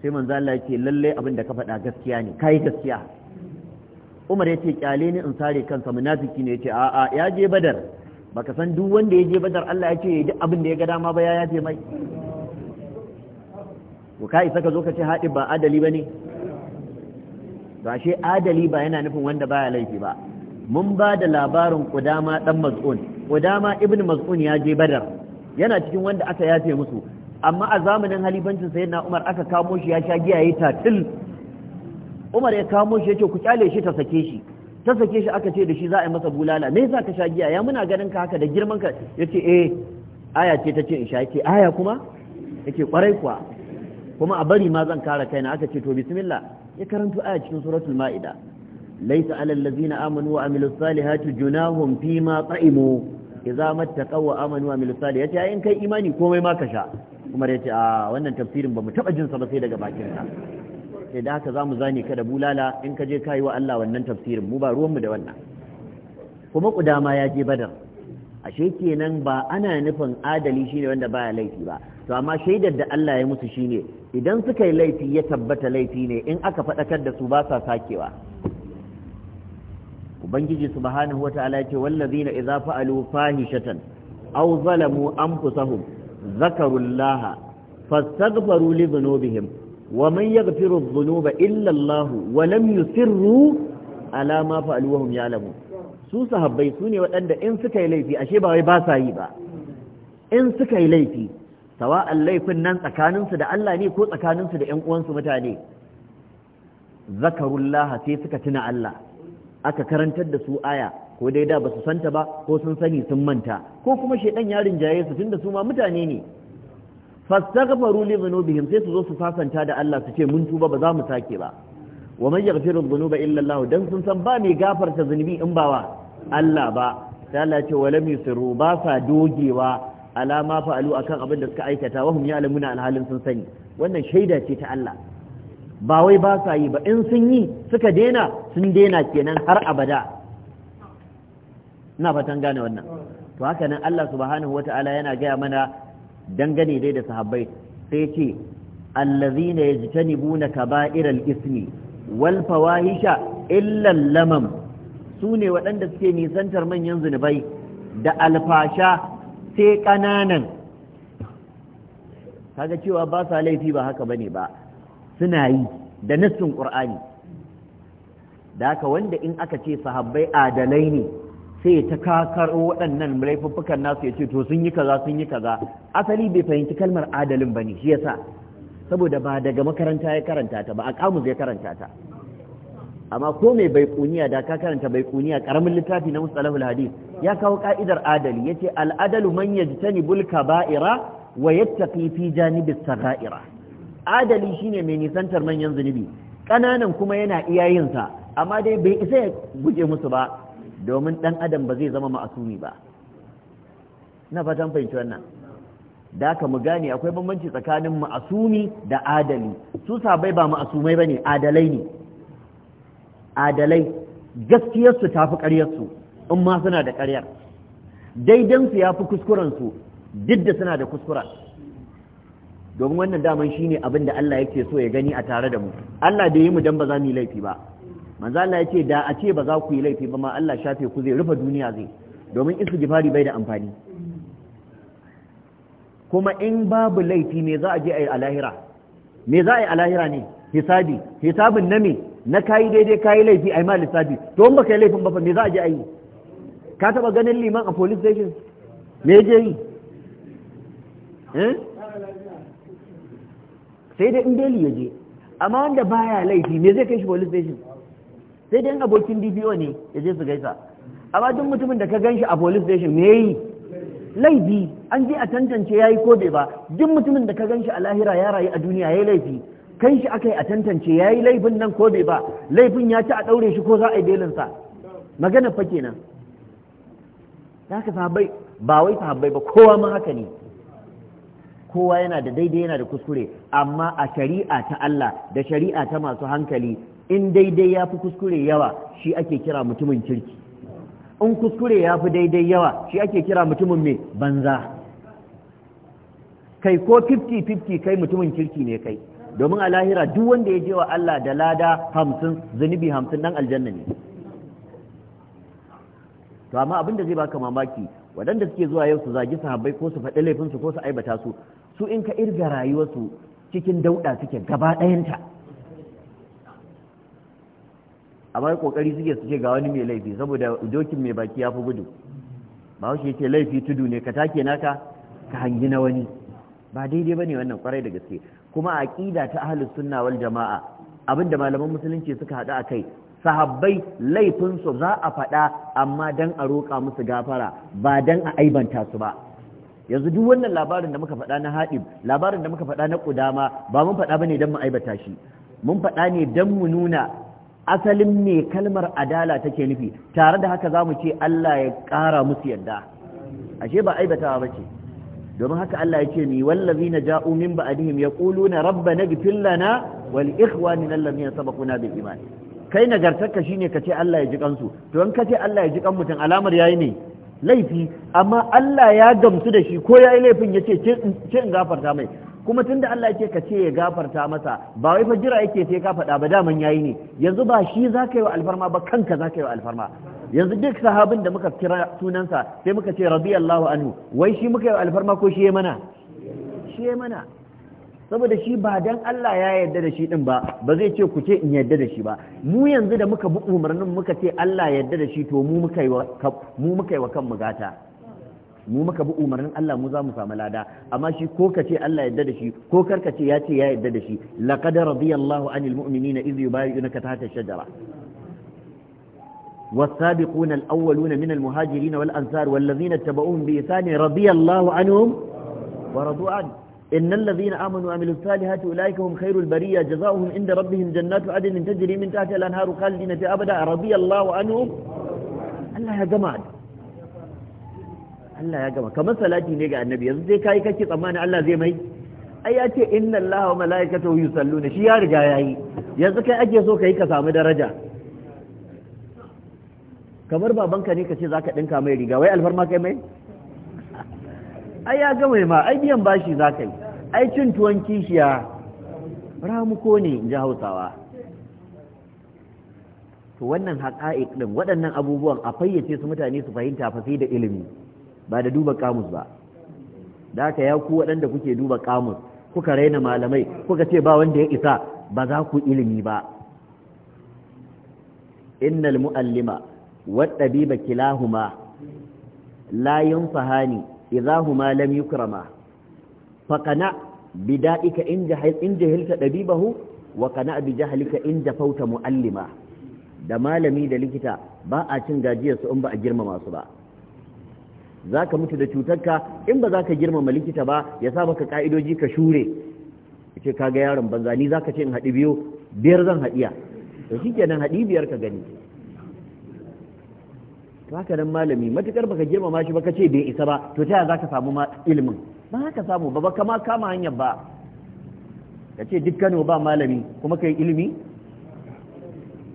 Speaker 1: sai manzo Allah yake lalle abin da ka faɗa gaskiya ne kai gaskiya Umar ya ce kyale ni in sare kansa munafiki ne ya ce a'a ya je Badar baka san duk wanda ya je Badar Allah ya ce duk abin da ya ga dama ba ya yafe mai ko ka isa zo ka ce haɗi ba adali bane ba adali ba yana nufin wanda baya laifi ba mun ba da labarin kudama dan maz'un kudama ibn maz'un ya je badar yana cikin wanda aka yafe musu amma a zamanin halibancin sayyidina umar aka kamo shi ya sha giya yayi tatil umar ya kamo shi yace ku kyale shi ta sake shi ta sake shi aka ce da shi za a yi masa bulala me yasa ka sha giya ya muna ganin ka haka da girman ka yace eh aya ce ta ce in sha yace aya kuma yace kwarai kuwa kuma a bari ma zan kare kaina aka ce to bismillah ya karanto aya cikin suratul ma'ida laysa alal ladzina amanu wa amilus salihati junahum fima ta'imu idza mattaqaw wa amanu wa amilus salihati ai in kai imani komai ma ka sha kuma ya ce a wannan tafsirin ba mu taba jin sa ba sai daga bakin sa sai da haka zamu zane ka da bulala in ka je kai wa Allah wannan tafsirin mu ba ruwan mu da wannan kuma kudama ya je badar ashe kenan ba ana nufin adali shine wanda baya laifi ba to amma shaidar da Allah ya musu shine idan suka yi laifi ya tabbata laifi ne in aka faɗakar da su ba sa sakewa ubangiji subhanahu wata'ala ya ce wallazina idza fa'alu fahishatan aw zalamu anfusahum zakarullaha fastaghfiru li dhunubihim wa man yaghfiru dhunuba illa Allah wa lam yusirru ala ma fa'alu wa ya'lamun su sahabbai su ne waɗanda in suka yi laifi ashe ba wai ba sa yi ba in suka yi laifi sawa'an laifin nan tsakaninsu da Allah ne ko tsakaninsu da ‘yan uwansu mutane zakarullaha sai suka tuna Allah aka karantar da su aya ko dai da ba su santa ba ko sun sani sun manta ko kuma shaidan ya rinjaye su da su ma mutane ne Fastaghfiru li dhunubihim sai su zo su fasanta da Allah su ce mun tuba ba za mu sake ba wa man yaghfiru dhunuba illa Allah dan sun san ba mai gafarta zunubi in ba wa Allah ba sai Allah ce lam yusiru ba sa dogewa alama fa'alu akan abin da suka aikata wahum alamuna alhalin sun sani wannan shaida ce ta Allah ba wai ba sa yi ba in sun yi suka dena sun dena kenan har abada ina fatan gane wannan to haka nan Allah subhanahu wata'ala yana gaya mana dangane dai da sahabbai sai ce allazina yajtanibuna kaba'iral ismi wal fawahisha illa lamam sune waɗanda suke nisantar manyan zunubai da alfasha sai ƙananan kaga cewa ba sa laifi ba haka bane ba suna yi da nassin ƙur'ani. da haka wanda in aka ce sahabbai adalai ne sai ta kakar waɗannan laifuffukan nasu ya ce to sun yi kaza sun yi kaza asali bai fahimci kalmar adalin bane shi yasa saboda ba daga makaranta ya karanta ta ba a kamus ya karanta ta amma ko mai kuniya da ka karanta kuniya karamin littafi na mustalahul hadith ya kawo ka'idar adali yace al adalu man bul kaba'ira wa yattaqi fi janibis sagha'ira adali shine mai nisantar manyan zunubi kananan kuma yana iya yin sa amma dai bai isa ya guje musu ba domin dan adam ba zai zama ma'asumi ba na fatan fahimci wannan da ka mu gane akwai bambanci tsakanin ma'asumi da adali su sabai ba ma'asumai bane adalai ne adalai gaskiyarsu ta fi ƙaryarsu in ma suna da ƙaryar daidansu ya fi kuskurensu duk da suna da kuskura domin wannan daman shine abin da Allah yake so ya gani a tare da mu Allah da yi mu dan ba za mu yi laifi ba manzo Allah yace da a ce ba za ku yi laifi ba ma Allah shafe ku zai rufe duniya zai domin istighfari bai da amfani kuma in babu laifi me za a je a yi a lahira me za a yi a lahira ne hisabi hisabin na me na kayi daidai kayi laifi a ma lissafi to ba ka yi laifin ba me za a je a yi ka taba ganin liman a police station me je yi eh? sai dai in beli ya je amma wanda baya laifi me zai kai shi police station sai dai in abokin DPO ne ya je su gaisa amma duk mutumin da ka gan shi a police station me yi laifi an je a tantance ya ko bai ba duk mutumin da ka gan shi a lahira ya rayu a duniya yayi laifi kai shi aka yi a tantance ya yi laifin nan ko bai ba laifin ya ci a ɗaure shi ko za a yi belinsa magana fa kenan ya ka sahabbai ba wai sahabbai ba kowa ma haka ne kowa yana da daidai yana da kuskure amma a shari'a ta Allah da shari'a ta masu hankali in daidai ya fi kuskure yawa shi ake kira mutumin kirki in kuskure ya fi daidai yawa shi ake kira mutumin mai banza kai ko 50-50 kai mutumin kirki ne kai domin a lahira duk wanda ya je wa Allah da lada hamsin zunubi hamsin nan aljanna ne to amma abin da zai baka mamaki waɗanda suke zuwa yau su zagi sahabbai ko su faɗi laifinsu ko su aibata su su in ka irga rayuwarsu cikin dauɗa suke gaba ɗayanta amma kokari suke suke ga wani mai laifi saboda dokin mai baki ya fi gudu ba shi yake laifi tudu ne ka take naka ka hangi na wani ba daidai ba ne wannan kwarai da gaske kuma aqida ta ahlus sunna wal jama'a abinda malaman musulunci suka hada akai sahabbai laifin su za a faɗa amma dan a roƙa musu gafara ba dan a aibanta su ba yanzu duk wannan labarin da muka faɗa na haɗib labarin da muka faɗa na kudama ba mun faɗa bane dan mu aibata shi mun faɗa ne dan mu nuna asalin me kalmar adala take nufi tare da haka za mu ce Allah ya ƙara musu yadda ashe ba aibatawa ba ce domin haka Allah ya ce ni na ja'u min na yaquluna rabbana ighfir lana wal ikhwanina allazina kuna bil iman kai nagartarka shine ka ce Allah ya ji kansu to in ka ce Allah ya ji kan mutum alamar yayi ne laifi amma Allah ya gamsu da shi ko ya yi laifin ya ce in gafarta mai kuma tunda Allah yake ka ce ya gafarta masa ba wai fa jira yake sai ka faɗa ba daman yayi ne yanzu ba shi zaka yi wa alfarma ba kanka zaka yi wa alfarma yanzu duk sahabin da muka kira sunansa sai muka ce radiyallahu anhu wai shi muka yi alfarma ko shi ya mana shi ya mana saboda shi ba dan Allah ya yadda da shi din ba ba zai ce ku ce in yadda da shi ba mu yanzu da muka bi umarnin muka ce Allah yadda da shi to mu muka yi wa mu muka yi wa kanmu gata mu muka bi umarnin Allah mu za mu samu lada amma shi ko ka ce Allah yadda da shi ko kar ka ce ya ce ya yadda da shi laqad radiyallahu anil mu'minina idh yubayi'unaka tahta shajara والسابقون الأولون من المهاجرين والأنصار والذين اتبعوهم بإحسان رضي الله عنهم ورضوا عنه إن الذين آمنوا وعملوا الصالحات أولئك هم خير البرية جزاؤهم عند ربهم جنات عدن تجري من تحتها الأنهار خالدين فيها أبدا رضي الله عنهم Allah ya gama Allah ya gama kamar salati ne ga annabi yanzu sai kai kake tsammanin Allah zai mai ai ya ce inna Allah wa malaikatahu yusalluna shi ya riga yayi yanzu kai ake so kai ka samu daraja kamar babanka ne ka ce zaka dinka mai riga wai alfarma kai mai ai ya mai ma ai biyan bashi zaka yi ai cin tuwon kishiya ramuko ne in ji hausawa to wannan haƙa'iq ɗin waɗannan abubuwan a fayyace su mutane su fahimta fa da ilimi ba da duba kamus ba da haka ya ku waɗanda kuke duba kamus kuka raina malamai kuka ce ba wanda ya isa ba za ku ilimi ba innal mu'allima والطبيب كلاهما لا ينفهان إذا هما لم يكرما فقنع بدائك إن, جهل إن جهلت طبيبه وقنع بجهلك إن جفوت مؤلما da malami da likita ba a cin gajiyarsu in ba a girmama su ba za ka mutu da cutarka in ba za ka girmama likita ba ya sa maka ka'idoji ka shure ya ce kaga yaron banza ni za ka ce in haɗi biyu biyar zan haɗiya da shi kenan haɗi biyar ka gani to haka nan malami matukar baka girmama shi ba ce bai isa ba to ta za ka samu ma ilimin ba ka samu ba ba kama kama hanyar ba ce duk Kano ba malami kuma kai ilimi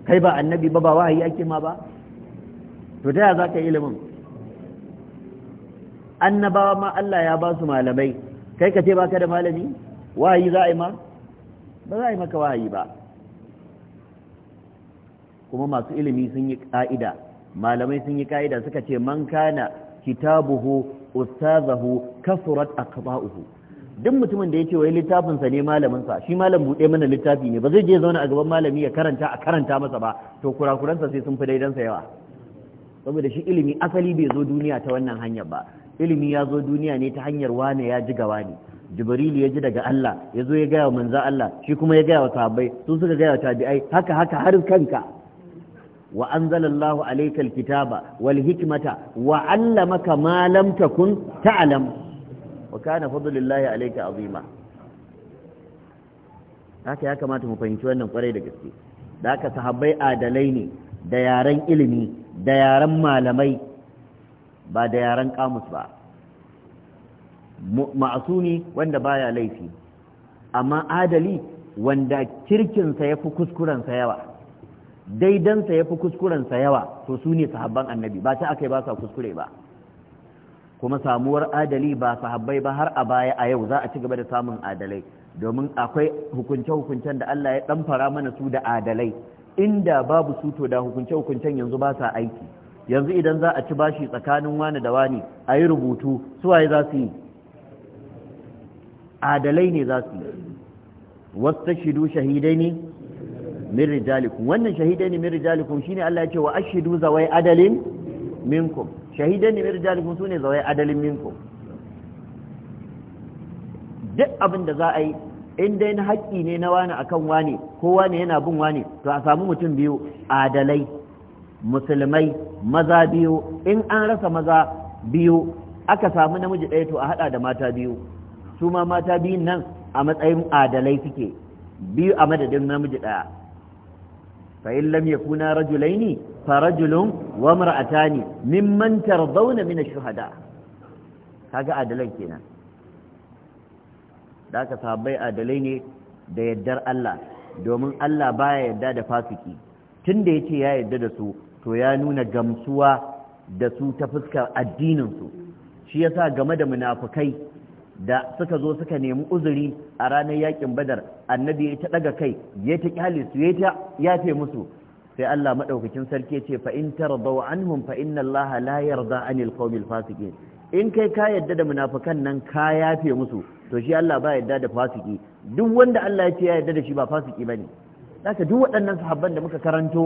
Speaker 1: kai ba annabi ba ba wahayi ake ma ba to ta za ka ilimin annabawa ma Allah ya ba su malamai kai ka ce ba ka da malami wahayi za a yi ma ba za a yi maka wahayi ba kuma masu ilimi sun yi ƙa'ida malamai sun yi ka'ida suka ce man kana kitabuhu ustazahu kasurat aqba'uhu duk mutumin da yake wai littafin sa ne malamin sa shi malam bude mana littafi ne ba zai je zauna a gaban malami ya karanta a karanta masa ba to kurakuran sa sai sun fi daidan sa yawa saboda shi ilimi asali bai zo duniya ta wannan hanyar ba ilimi ya zo duniya ne ta hanyar wane ya ji gawa ne jibrilu ya ji daga Allah ya zo ya gaya wa manzo Allah shi kuma ya gaya wa sahabbai su suka gaya wa tabi'ai haka haka har kanka wa anzalallahu alaykal kitaba wal hikmata wa 'allamaka ma lam takun ta'lam wa kana fadlullahi haka ya kamata mu fahimci wannan kwarai da gaske da haka sahabbai adalai ne da yaren ilimi da yaren malamai ba da yaren kamus ba ma'asumi wanda baya laifi amma adali wanda kirkinsa ya fi kuskurensa yawa daidansa ya fi kuskurensa yawa to su ne sahabban annabi ba ta aka yi ba sa kuskure ba kuma samuwar adali ba sahabbai ba har a baya a yau za a ci gaba da samun adalai domin akwai hukunce-hukuncen da Allah ya ɗamfara mana su da adalai inda babu su to da hukunce-hukuncen yanzu ba sa aiki yanzu idan za a ci bashi tsakanin wani da wani a yi rubutu su waye za su yi adalai ne za su yi wasu shahidai ne min rijalikum wannan shahidaini min rijalikum shine Allah ya ce wa ashhidu zawai adalin minkum shahidaini min rijalikum sune zawai adalin minkum duk abin da za a yi in dai na haƙƙi ne na wani akan wani ko wani yana bin wani to a samu mutum biyu adalai musulmai maza biyu in an rasa maza biyu aka samu namiji ɗaya to a haɗa da mata biyu su ma mata biyun nan a matsayin adalai suke biyu a madadin namiji ɗaya fa in lam yakuna rajulaini fa rajulun wa imra'atani mimman tardawna min ash-shuhada kaga adalan kenan da aka sahabbai adalai ne da yaddar Allah domin Allah baya yadda da fasiki tunda yace ya yadda da su to ya nuna gamsuwa da su ta fuskar addininsu, su shi yasa game da munafukai. da suka zo suka nemi uzuri a ranar yakin badar annabi ya ta daga kai ya ta kyale su ya ta yafe musu sai Allah madaukakin sarki ce fa in tardaw anhum fa inna Allah la yarda anil qawmil fasiqin in kai ka yadda da munafikan nan ka yafe musu to shi Allah ba yadda da fasiki duk wanda Allah ya ce ya yadda da shi ba fasiki bane haka duk waɗannan sahabban da muka karanto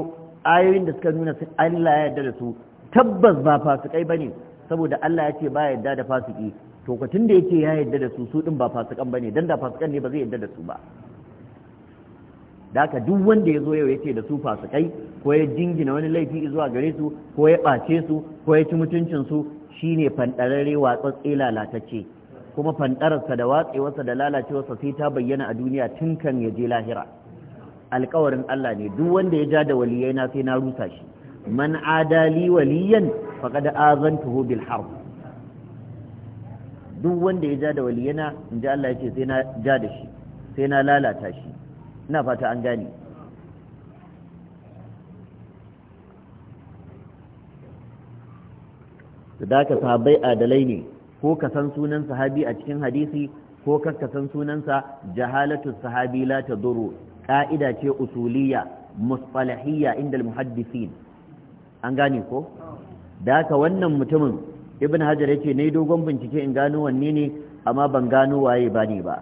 Speaker 1: ayoyin da suka nuna Allah ya yarda da su tabbas ba fasikai bane saboda Allah ya ce ba yarda da fasiki to tun da yake ya yadda da su su din ba fasikan bane dan da fasikan ne ba zai yadda da su ba da ka duk wanda ya zo yau yake da su fasikai ko ya jingina wani laifi zuwa gare su ko ya ɓace su ko ya ci mutuncin su shine fanɗararre watsatse lalatacce kuma fanɗararsa da watsewarsa da lalacewarsa sai ta bayyana a duniya tun kan ya je lahira alkawarin Allah ne duk wanda ya ja da waliyai na sai na rusa shi man adali waliyan faqad azantuhu bil harb duk wanda ya ja da waliyana in ji Allah ya ce sai na ja da shi sai na lalata shi ina fata an gane da ka sahabbai adalai ne ko ka san sunan sahabi a cikin hadisi ko ka san sunansa jahalatu sahabi la duru ƙa'ida ce usuliyya mustalahiyya inda al-muhaddisin an gane ko da haka wannan mutumin ibn hajar yake ne dogon bincike in gano wanne ne amma ban gano waye bane ba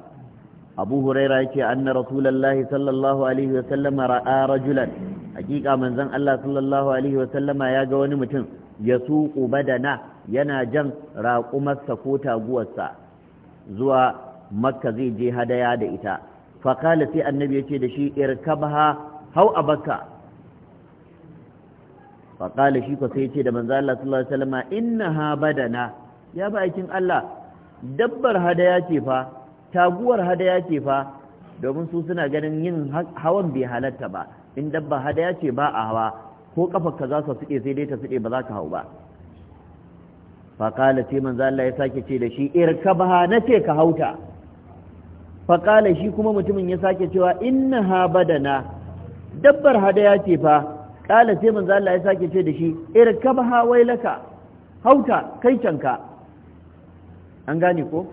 Speaker 1: abu huraira yake anna rasulullahi sallallahu alaihi wa sallama ra'a rajulan hakika manzon Allah sallallahu alaihi wa sallama ya ga wani mutum ya suqu badana yana jan sa ko taguwarsa zuwa makka zai je hadaya da ita fa qala sai annabi yace da shi irkabha hau abaka faƙala shi ko sai ce da manzo Allah sallallahu alaihi wasallam innaha badana ya ba aikin Allah dabbar hadaya ce fa taguwar hadaya ce fa domin su suna ganin yin hawan bai halatta ba in dabba hadaya ce ba a hawa ko ka za su suke sai dai ta suke ba za ka hau ba faƙala sai manzo Allah ya sake ce da shi na nace ka hauta faƙala shi kuma mutumin ya sake cewa innaha badana dabbar hadaya ce fa ƙala sai manzo Allah ya sake ce da shi irkabha wailaka hauta kai canka an gane ko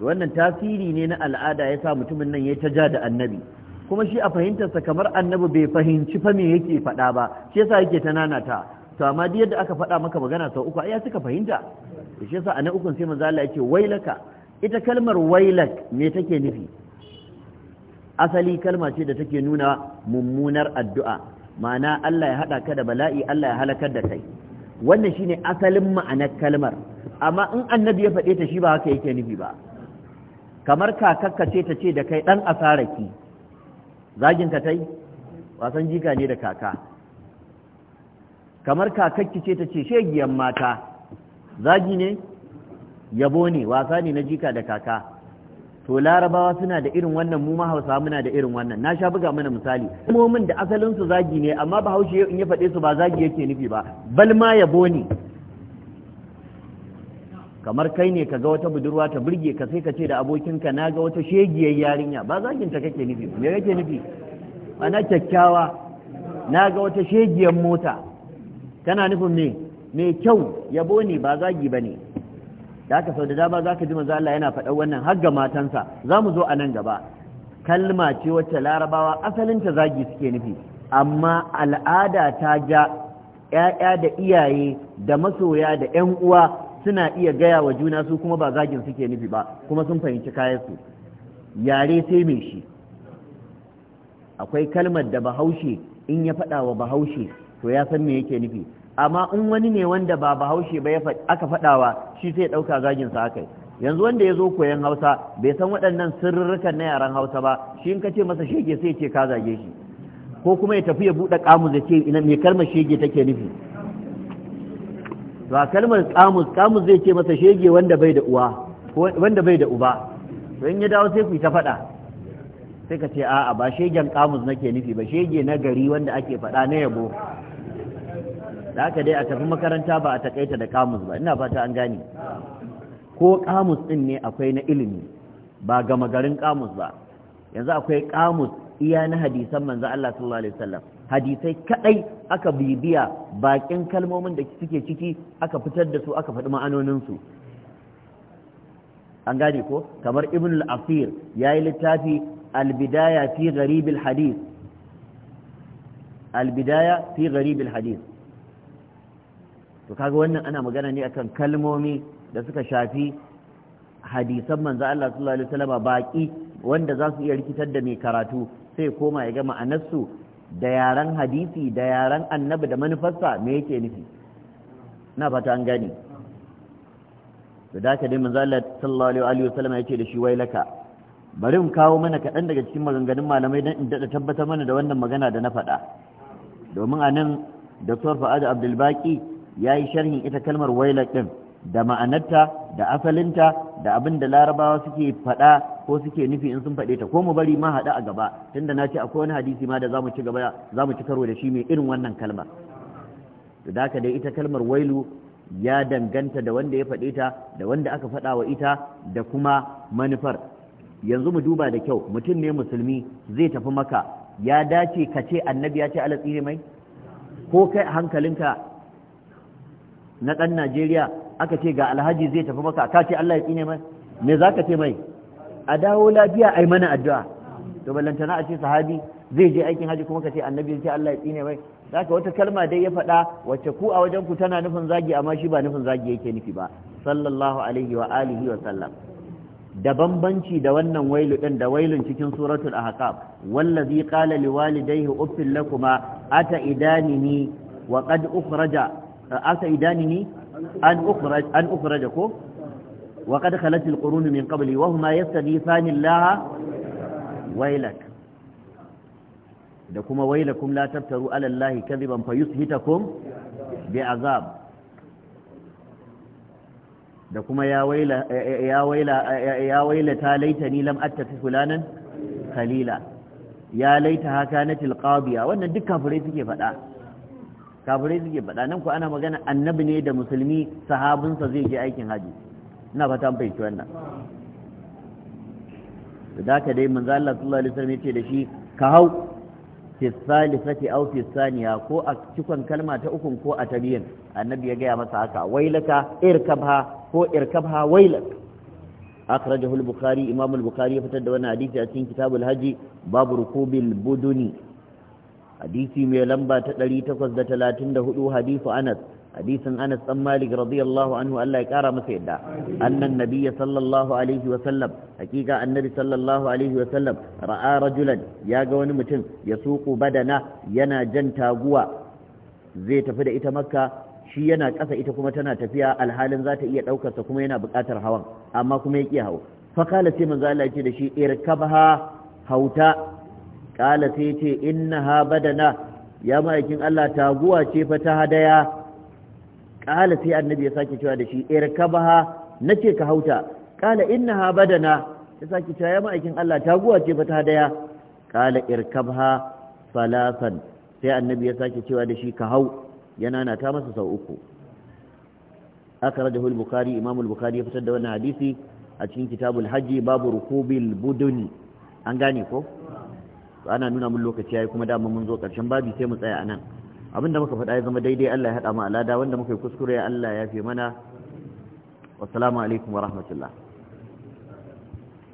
Speaker 1: wannan tasiri ne na al'ada ya sa mutumin nan ya ta ja da annabi kuma shi a fahimtarsa kamar annabi bai fahimci fa me yake faɗa ba shi yasa yake ta ta to amma duk yadda aka faɗa maka magana sau uku ai suka fahimta shi yasa a na uku sai manzo Allah ya wailaka ita kalmar wailak me take nufi asali kalma ce da take nuna mummunar addu'a ma'ana Allah ya haɗa ka da bala'i Allah ya halakar da kai wannan shine asalin ma'anar kalmar amma in annabi ya faɗe ta shi ba haka yake nufi ba kamar kakakka ce ta ce da kai ɗan asaraki zagin ka tai wasan jika ne da kaka kamar kakakki ce ta ce shegiyan mata zagi ne yabo ne wasa ne na jika da kaka to larabawa suna da irin wannan mu ma Hausawa muna da irin wannan na sha buga mana misali kalmomin da asalin su zagi ne amma bahaushe in ya faɗe su ba zagi yake nufi ba bal ma yabo ne kamar kai ne ka ga wata budurwa ta burge ka sai ka ce da abokinka na ga wata shegiyar yarinya ba zagin ta kake nufi me kake nufi ana kyakkyawa na ga wata shegiyar mota kana nufin me Me kyau yabo ne ba zagi ba ne da aka sau da dama za ka ji manzo Allah yana faɗa wannan har ga matansa za mu zo a nan gaba kalma ce wacce larabawa asalin ta zagi suke nufi amma al'ada ta ja ƴaƴa da iyaye da masoya da ƴan uwa suna iya gaya wa juna su kuma ba zagin suke nufi ba kuma sun fahimci kayansu yare sai mai shi akwai kalmar da bahaushe in ya faɗa wa bahaushe to ya san me yake nufi amma in wani ne wanda ba bahaushe ba aka faɗawa shi sai ɗauka zagin sa akai yanzu wanda ya zo koyan hausa bai san waɗannan sirrukan na yaran hausa ba shi in ka ce masa shege sai ce ka zage shi ko kuma ya tafi ya buɗe kamus ya ce ina me kalmar shege take nufi ba kalmar kamus kamus zai ce masa shege wanda bai da uwa wanda bai da uba to in ya dawo sai ku ta faɗa sai ka ce a'a ba shegen kamus nake nufi ba shege na gari wanda ake faɗa na yabo da aka dai a tafi makaranta ba a takaita da kamus ba ina fata an gane ko kamus din ne akwai na ilimi ba gama garin kamus ba yanzu akwai kamus iya na hadisan manzo Allah sallallahu alaihi wasallam hadisai kadai aka bibiya bakin kalmomin da suke ciki aka fitar da su aka faɗi ma'anonin su an gane ko kamar ibn al-asir yayi littafi al-bidaya fi gharib al-hadith al-bidaya fi gharib al-hadith to kaga wannan ana magana ne akan kalmomi da suka shafi hadisan manzo Allah sallallahu alaihi wasallam baki wanda za su iya rikitar da mai karatu sai koma ya ga ma'anarsu da yaran hadisi da yaran annabi da manufarsa me yake nufi na fata an gani? to da ka dai manzo Allah sallallahu alaihi wasallam yake da shi wailaka bari in kawo mana kaɗan daga cikin maganganun malamai don in daɗa tabbatar mana da wannan magana da na faɗa domin a nan da sorfa da abdulbaki ya yi sharhin ita kalmar wailak ɗin da ma'anarta da asalinta da abin da larabawa suke faɗa ko suke nufi in sun faɗe ta ko mu bari ma haɗa a gaba tunda na ce akwai wani hadisi ma da zamu ci gaba zamu ci karo da shi mai irin wannan kalma to da haka dai ita kalmar wailu ya danganta da wanda ya faɗe ta da wanda aka faɗa wa ita da kuma manufar yanzu mu duba da kyau mutum ne musulmi zai tafi maka ya dace ka ce annabi ya ce alatsi ne mai ko kai hankalinka na ɗan Najeriya aka ce ga alhaji zai tafi maka ka ce Allah ya tsine mai me za ka ce mai a dawo lafiya ai mana addu'a to ballantana a ce sahabi zai je aikin haji kuma ka ce annabi ya ce Allah ya tsine mai za ka wata kalma dai ya faɗa wacce ku a wajen ku tana nufin zagi amma shi ba nufin zagi yake nufi ba sallallahu alaihi wa alihi wa sallam da bambanci da wannan wailu din da wailun cikin suratul ahqaf wallazi qala liwalidayhi uffil lakuma ata idanini wa qad ukhraja asa idani ne an ukhraj an ukhraj ko wa qad khalat al-qurun min qabli wa huma yastaghifani Allah wailak da kuma wailakum la taftaru ala Allah kadhiban fayushitakum bi'azab da kuma ya waila ya waila ta laitani lam attafi fulanan Kalila ya laita haka na tilqabiya wannan duk kafirai suke faɗa kafirai suke faɗa nan ku ana magana annabi ne da musulmi sahabinsa zai je aikin haji ina fata an fahimci wannan da ka dai manzo Allah sallallahu alaihi wasallam yace da shi ka hau fi salisati aw fi saniya ko a cikon kalma ta ukun ko a ta biyan annabi ya gaya masa haka wailaka irkabha ko irkabha wailak akhrajahu al-bukhari imam al-bukhari ya fitar da wannan hadisi a cikin kitabul haji babu rukubil buduni hadisi mai lamba ta ɗari da 834 hadisu anas hadisin anas dan malik radiyallahu anhu Allah ya kara masa yadda annan nabiyya sallallahu alaihi wa sallam hakika annabi sallallahu alaihi wa sallam ya ga wani mutum ya su suku badana yana jan taguwa zai tafi da ita makka shi yana ƙasa ita kuma tana tafiya alhalin za ta iya ɗaukarsa kuma yana buƙatar hawan amma kuma ya ƙi hau fakala sai manzo Allah ce da shi irkabha hauta kala sai ce inna ha badana ya ma'aikin Allah taguwa ce fa ta hadaya kala sai annabi ya sake cewa da shi irkabaha nace ka hauta kala inna ha badana ya sake cewa ya ma'aikin Allah taguwa ce fa ta hadaya kala irkabha falasan sai annabi ya sake cewa da shi ka hau yana na ta masa sau uku akhrajahu al-bukhari imam al-bukhari ya fitar da wannan hadisi a cikin kitabul hajji babu rukubil buduni an gane ko ana nuna mun lokaci yayi kuma dama mun zo karshen babi sai mu tsaya anan abinda muka faɗa ya zama daidai Allah ya haɗa mu alada wanda muka yi kuskure Allah ya fi mana wassalamu alaikum wa rahmatullah